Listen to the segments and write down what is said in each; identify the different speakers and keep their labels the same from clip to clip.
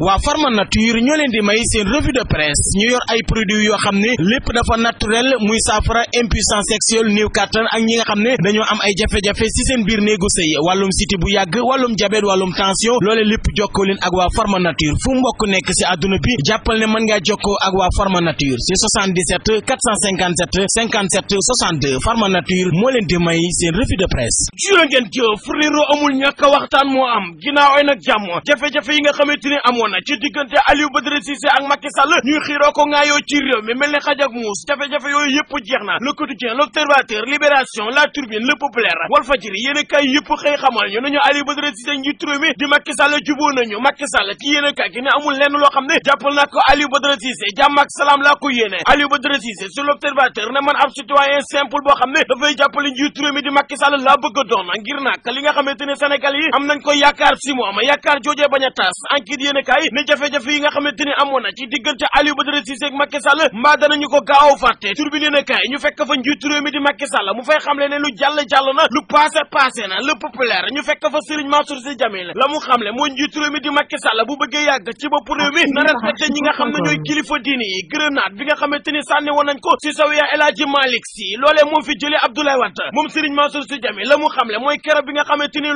Speaker 1: waa Pharma Nature ñoo leen di may seen revue de presse ñu yor ay produits yoo xam ne lépp dafa naturel muy saafara impuissance sexuelle néew kàttan ak ñi nga xam ne dañoo am ay jafe-jafe ci seen biir néegu sëy wàllum siti bu yàgg wàllum jabet wàllum tension loole lépp jokkoo leen ak waa Pharma Nature fu mbokk nekk ci àdduna bi jàppal ne mën ngaa jokkoo ak waa Pharma Nature ci 77 457 57 62 Pharma Nature moo leen di may seen revue de presse. jërë ngeen jëf furniru amul ñàkk waxtaan amoon na ci diggante Aliou Badara Cissé ak Macky ñuy xiiroo ko ngaayoo ci réew mi mel ni xaj ak muus jafe-jafe yooyu yëpp jeex na le quotidien l'observateur libération la turbine le populaire Walfadjri yéen a kaay yëpp xëy xamal ñu nañu Aliou Badara Cissé njiitu réew mi di Macky Sall juboo nañu Macky Sall ci yéen a kaay amul lenn loo xam ne jàppal na ko Aliou Badara Cissé jàmm ak salaam laa ko yéene Aliou Badara Cissé sur l'observateur ne man ab citoyen a si a a kaay ne jafe-jafe yi nga xamante ni amoon na ci diggante Aliou Badara Cissé ak Macky Sall mbaa danañu ko gaaw fàtte turbine ne kaay ñu fekk fa njiitu réew mi di Macky la mu xamle mooy njiitu di Macky Sall bu bëggee yàgg ci bopp réew mi na respecté ñi nga xam ne ñooy kilifa diine yi grenade bi nga xamante ni sànni woon ko si sawiya El Hadji Malick Sy loolee moom fi jëlee Abdoulaye Wade moom Serigne Mansour Sy Djamil la mu xamle mooy keroog bi nga xamante ni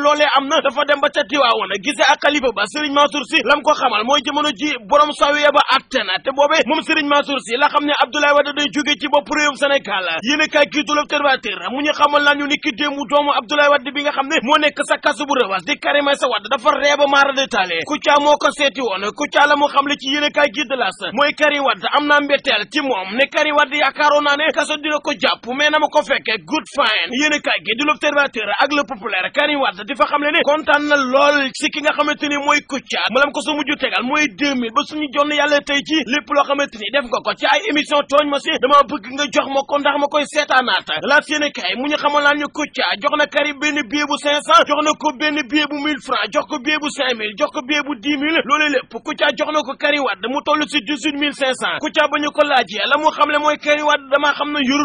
Speaker 1: xamal mooy jamono ji borom sawiya ba atte na te boobe moom Serigne Mansour Sy la xam ne Abdoulaye Wade day jóge ci bopp réewum Sénégal yéen a kaay kii du l'Observateur mu ñu xamal naa ni ki déemu doomu Abdoulaye Wade bi nga xam ne moo nekk sa kasu bu rëwas di Karim Meïssa Wade dafa reeba maara détaale Kouthia moo ko seeti woon Kouthia la mu xam le ci yéen a kaay kii de mooy Karim Wade am naa mbetteel ci moom ne Karim Wade yaakaaroon naa ne kaso dina ko jàpp mais na ma ko fekke good fine yéen a ak le populaire Karim Wade di fa xam le ne kontaan na lool si ki nga xamante ni mooy Kouthia malam ko tegal mooy deux mille ba suñu jonn yàlla tey ci lépp loo xamante ni def nga ko ci ay émission tooñ ma si dama bëgg nga jox ma ko ndax ma koy seetaanaat laat yéen kay mu ñu xamal laan ñu Kouthia jox na Karim benn billet bu cinq cent jox na ko benn billet bu mille francs jox ko billet bu cinq mille jox ko billet bu dix mille loolu lépp Kouthia jox na ko Karim Wade mu toll si dix-huit mille cinq cent Kouthia ba ñu ko laajee la mu xam ne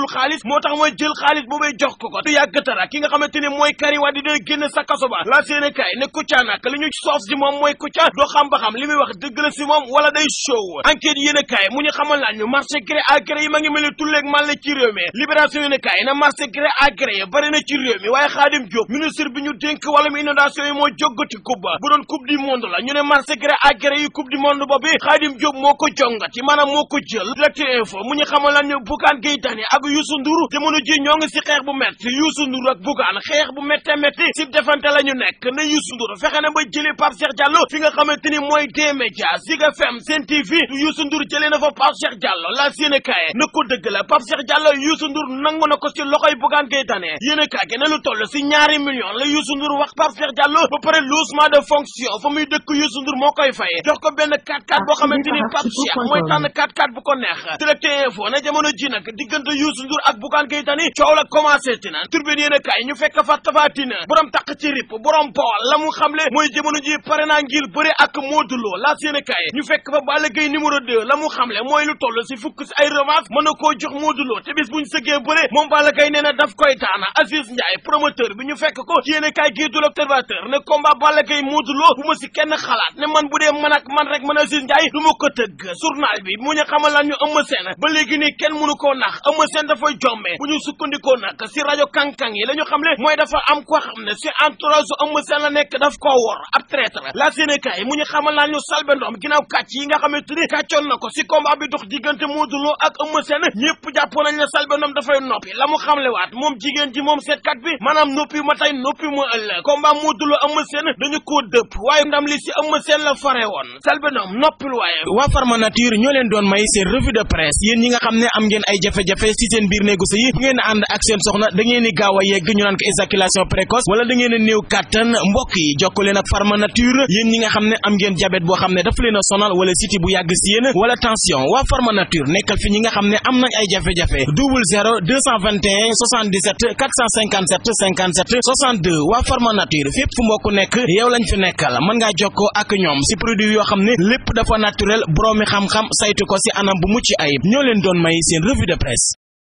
Speaker 1: xaalis moo tax mooy jël xaalis boobay jox ko ko du ki nga xamante ni mooy Karim Wade dina génn sa mooy Kouthia doo xam ba xam li muy wax dëgg la si moom wala day show enquête yéen a kaay mu ñu xamal laan marché gré à yi ma ngi mel ni tulleeg ci réew mi libération yéen a kaay na marché gré à yi bari ci réew mi waaye Xaadim Diop ministre bi ñu dénk wala mu inondation yi moo jóggati kubba bu doon coupe du monde la ñu ne marché gré à gré yi coupe du monde boobu Xaadim Diop moo ko jongati maanaam moo ko jël direct info mu ñu xamal laan ñu Bougane Gueye ak si xeex bu metti xeex bu métte métti si defante la ñu nekk na ba jëlee Pape Cheikh Diallo fi nga xamante ni mooy D-Media Zik FM Sen TV Youssou Ndour jëlee na fa Pape Cheikh Diallo la yéene kaay na la Pape Cheikh Diallo Youssou nangu na ko ci loxoy Bougane Gueye Dany yéene lu toll si ñaari million la Youssou Ndour wax Pape Cheikh ba pare logement de fonction fa muy dëkk Youssou Ndour moo koy fay jox ko benn 4 x boo xamante ni Pape Cheikh mooy tànn 4x4 ko neex directeur info na jamono ji nag diggante Youssou Ndour ak Bougane Gueye coow la commencé tina turbine yéene loo laas yéen kaay ñu fekk fa Balla Gaye numéro 2 la mu xamle mooy lu toll si fukk si ay revanche mën na koo jox Modou te bis bu ñu sëggee bëre moom Balla Gaye nee na koy daana Aziz Ndiaye promoteur bi ñu fekk ko yéen kaay gii du l'observateur ne combat Balla Gaye Modou Lo bu si kenn xalaat ne man bu dee man man rek man Aziz Ndiaye du ma ko tëgg journal bi mu ñu xamal lan ñu Eumeu ba léegi nii kenn mënu koo nax Eumeu Sène dafay bu ñu sukkandikoo daañu salbe ndoom ginnaaw kàcc yi nga xamante ni kàccoon na ko si combat bi dox diggante Modou Lo ak Eumeu Sène ñëpp jàpp nañ ne ndoom dafay noppi la mu xamlewaat moom jigéen ji moom seetkat bi maanaam noppi ma tey noppi mu ëllëg combat Modou Lo Eumeu dañu koo dëpp waaye ndam li si Eumeu la fare woon salbe ndoom noppil waaye waa Pharma Nature ñoo leen doon may seen revue de presse yéen ñi nga xam ne am ngeen ay jafe-jafe si seen biir néegu da ngeen ni gaaw diabète boo xam ne dafa leen a sonal wala siti bu yàgg si yéen wala tension waa Pharma Nature nekkal fi ñi nga xam ne am nañ ay jafe-jafe double 0 221 77 457 57 62 waa Pharma Nature fépp fu mbokk nekk yow lañ fi nekkal mën ngaa jokkoo ak ñoom si produit yoo xam ne lépp dafa naturel boroomi xam-xam saytu ko si anam bu mucc ayib ñoo leen doon may seen revue de presse